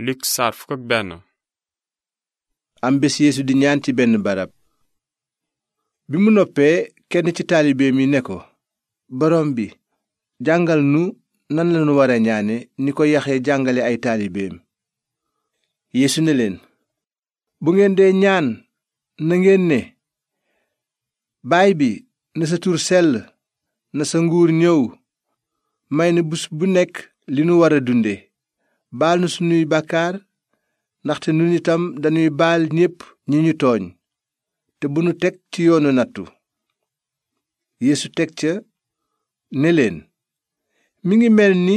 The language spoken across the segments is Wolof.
Luk saar benn. am bés yeesu di ñaan ci benn barab. bi mu noppee kenn ci taalibeem yi né ko. borom bi jàngal nu nan lanu war a ñaane ni ko yaxee jàngale ay taalibeem. yeesu ne leen. bu ngeen dee ñaan na ngeen ne. baay bi na sa tur sell na sa nguur ñëw. may na bus bu nekk li nu war a dunde baal na sunuy bàkkaar ndaxte nun itam dañuy baal ñépp ñi ñu tooñ te bu nu teg ci yoonu nattu yéesu teg ca ne leen mi ngi mel ni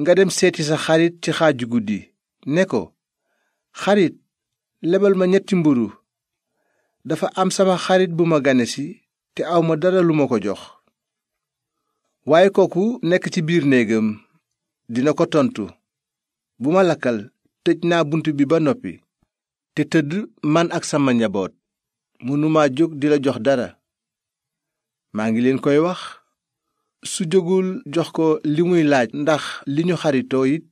nga dem seeti sa xarit ci xaaju guddi ne ko xarit lebal ma ñetti mburu dafa am sama xarit bu ma ganesi te awma dara lu ma ko jox waaye kooku nekk ci biir néegam dina ko tontu bu ma lakkal tëj naa bunt bi ba noppi te tëdd man ak sama njaboot mënuma jóg di la jox dara maa ngi leen koy wax su jógul jox ko li muy laaj ndax li ñu xaritoo it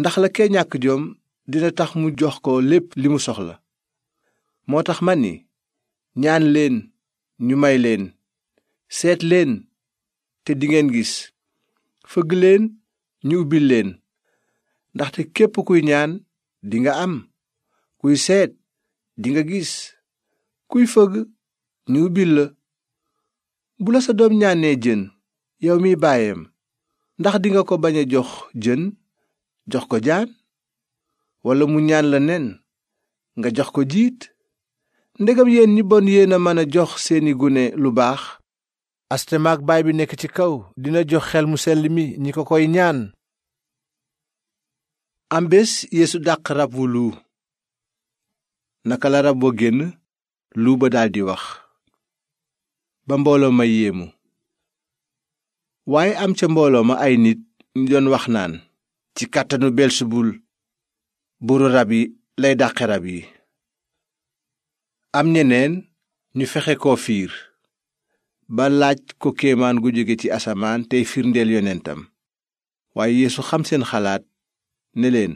ndax la kee ñàkk jom dina tax mu jox ko lépp li mu soxla moo tax ma ni ñaan leen ñu may leen seet leen te dingeen gis fëgg leen ñu ubbil leen ndaxte képp kuy ñaan dinga am kuy seet dinga gis kuy fëgg ñu ubbil la bu la sa doom ñaanee jën yow mi baayam ndax dinga ko bañ a jox jën jox ko jaan walla mu ñaan la nen nga jox ko jiit ndegam yéen ñi bon yéen a mën a jox seeni gune lu baax astemaak baay bi nekk ci kaw dina jox xel mu sell mi ñi ko koy ñaan am dàq rab naka la rab wa génn luu ba daldi wax ba mbooloo ma yéemu waaye am ca mbooloo ma ay nit ñu doon wax naan ci kàttanu belsebul buuru rab yi lay dàqe rab yi am ñeneen ñu fexe koo fiir ba laaj ko kéemaan gu jóge ci asamaan tey firndeel yonentam waaye yeesu xam seen xalaat ne leen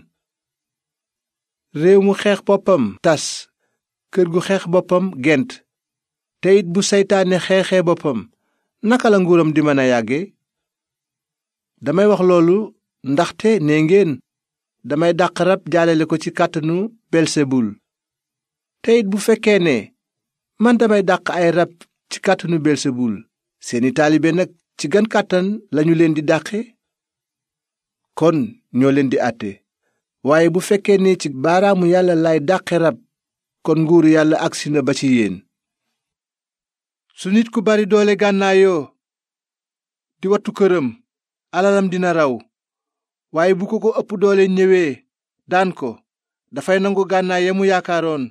réew mu xeex boppam tas kër gu xeex boppam gent te bu seytaane xeexee boppam naka la nguuram di mën a yàgge damay wax loolu ndaxte nee ngeen damay dàq rab jaalale ko ci kàttanu belsebul te bu fekkee ne man damay dàq ay rab ci kàttanu belsebul seeni taalibe nag ci gan kàttan lañu leen di dàqe kon ñoo leen di àtte waaye bu fekkee ne ci baaraamu yàlla lay dàqe rab kon nguur yàlla agsi na ba ci yéen su nit ku bari doole gànnaayoo di wattu këram alalam dina raw waaye bu ko ko ëpp doole ñëwee daan ko dafay nangu gànnaay ya mu yaakaaroon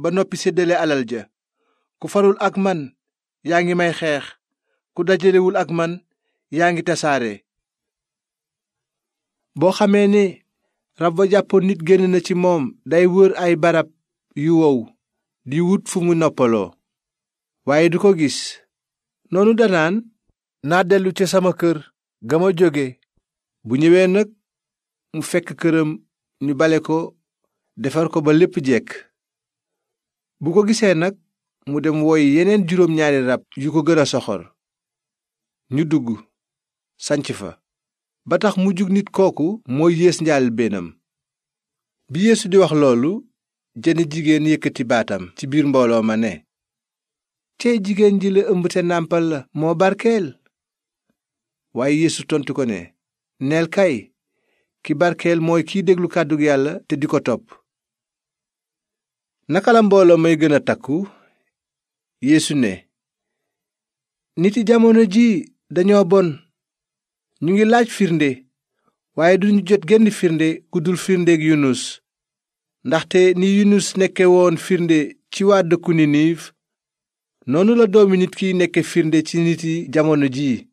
ba noppi séddale alal ja ku farul ak man yaa ngi may xeex ku dajalewul ak man yaa ngi tasaare boo xamee ne rab ba jàppoon nit génn na ci moom day wër ay barab yu wow di wut fu mu noppaloo waaye du ko gis noonu danaan naa dellu ca sama kër ga ma jóge bu ñëwee nag mu fekk këram ñu bale ko defar ko ba lépp jekk bu ko gisee nag mu dem woy yeneen juróom ñaari rab yu ko gën a soxor ñu dugg sanc fa ba tax mu jug nit kooku mooy yées njaalbeenam bi yéesu di wax loolu jenn jigéen yëkkati baatam ci biir mbooloo ma ne cey jigéen ji la ëmb te nàmpal la moo barkeel waaye yeesu tontu ko ne neel kay ki barkeel mooy kiy déglu kàddu yàlla te di ko topp naka la mbooloo may gën a takku yeesu ne niti jamono ji dañoo bon ñu ngi laaj firnde waaye duñu jot genn firnde guddul firndeeg Yunus ndaxte ni Yunus nekke woon firnde ci waa dëkku Ninive noonu la doomi nit kiy nekke firnde ci nit yi jamono jii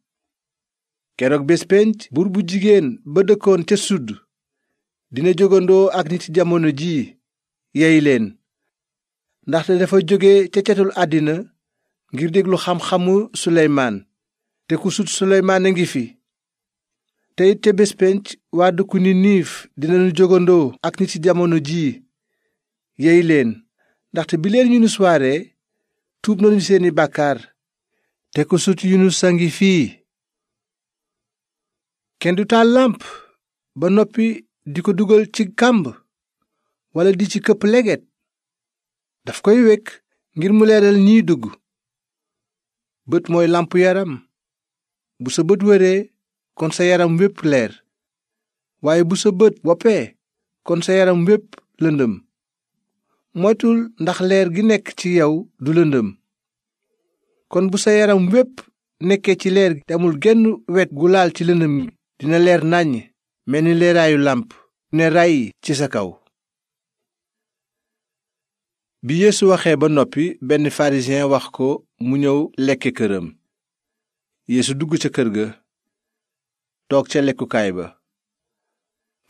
keroog bés penc buur bu jigéen ba dëkkoon ca sud dina jógandoo ak nit jamono jii yey leen ndaxte dafa jóge ca cetul àddina ngir déglu xam-xamu suleymaan te ku sut suleymaan a ngi fi te it ca bés penc waa dëkku Niniif dinañu jógandoo ak nit ci jamono jii yey leen ndaxte bi leen Yunus tuub nañu seeni bàkkaar te ko sut Yunus a ngi fii kenn du taal làmp ba noppi di ko dugal ci kàmb walla di ci këpp leget daf koy wekk ngir mu leeral ñiy dugg bët mooy làmp yaram bu sa bët wëree kon sa yaram wépp leer waaye bu sa bët woppee kon sa yaram wépp lëndëm moytul ndax leer gi nekk ci yow du lëndëm kon bu sa yaram wépp nekkee ci leer gi te genn wet gu laal ci lëndëm dina leer nàññ mel ni leeraayu làmp ne ràyyi ci sa kaw bi yeesu waxee ba noppi benn pharisien wax ko mu ñëw lekke këram yéesu dugg ca kër ga toog ca ba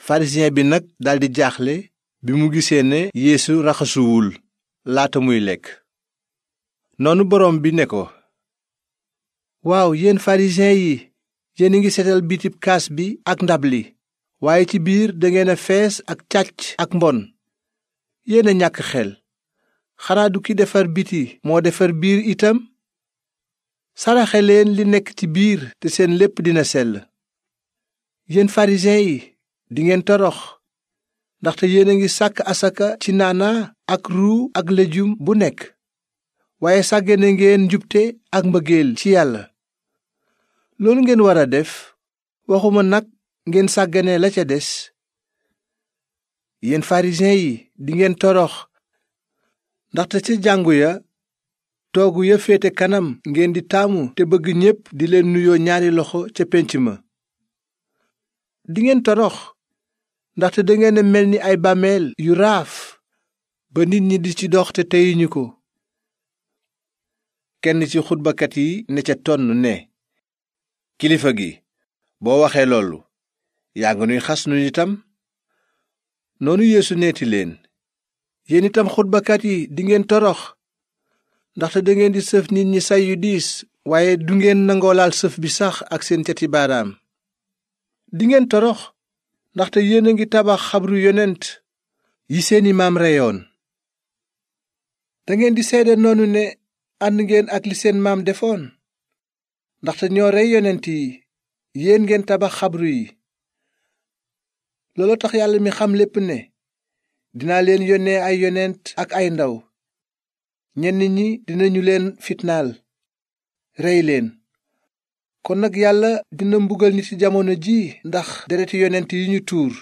pharisien bi nag daldi jaaxle bi mu gisee ne yéesu raxasuwul laata muy lekk noonu boroom bi ne ko waaw yéen pharisien yi yéen a ngi setal bitib kaas bi ak ndab li waaye ci biir dangeen a fees ak càcc ak mbon yéen a ñàkk xel xanaa du ki defar biti moo defar biir itam saraxe li nekk ci biir te seen lépp dina sell yéen farisiyen yi dingeen torox ndaxte yéen a ngi sàkk asaka ci naana ak ruu ak lejum bu nekk waaye sàggane ngeen njubte ak mbëggeel ci yàlla loolu ngeen war a def waxuma nag ngeen sàggane la ca des yéen farisiyen yi dingeen torox ndaxte ca jàngu ya toogu ya féete kanam ngeen di taamu te bëgg ñépp di leen nuyoo ñaari loxo ca pénc ma dingeen torox ndaxte dangeen a mel ni ay bàmmeel yu raaf ba nit ñi di ci dox te teyuñu ko kenn ci xutbakat yi ne ca tonn ne kilifa gi boo waxee loolu yaa nga nuy xas nun itam noonu yéesu neeti leen yéen itam xutbakat yi dingeen torox ndaxte dangeen di sëf nit ñi say yu diis waaye du ngeen nangoo laal sëf bi sax ak seen cati baaraam dingeen torox ndaxte yéen a ngi tabax xabru yonent yi seeni maam dangeen di seede noonu ne ànd ngeen ak li seen maam defoon ndaxte ñoo rey yonent yi yéen ngeen tabax xabru yi looloo tax yàlla mi xam lépp ne dinaa leen yónnee ay yonent ak ay ndaw ñen ñenn ñi dina ñu leen fitnaal rey leen kon nag yàlla dina mbugal nit ci jamono ji ndax dereti yonent yi ñu tuur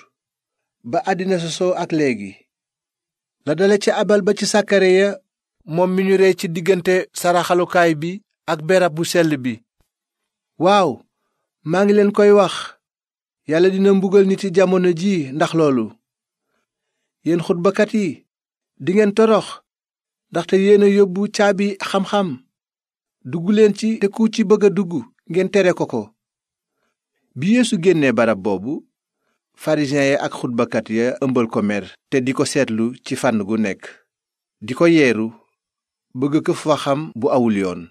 ba àddina sosoo ak léegi la dale ci abal ba ci ya moom mi ñu rey ci diggante saraxalukaay bi ak berab bu sell bi waaw maa ngi leen koy wax yàlla dina mbugal nit ci jamono ji ndax loolu yéen xutbakat yi dingeen torox ndaxte yéen a yóbbu caabi xam-xam dugg leen ci te ku ci bëgg a dugg ngeen tere ko ko bi yeesu génnee barab boobu farisiyen ya ak xutbakat ya ëmbal ko mer te di ko seetlu ci fànn gu nekk di ko yeeru bëgg këf waxam bu awul yoon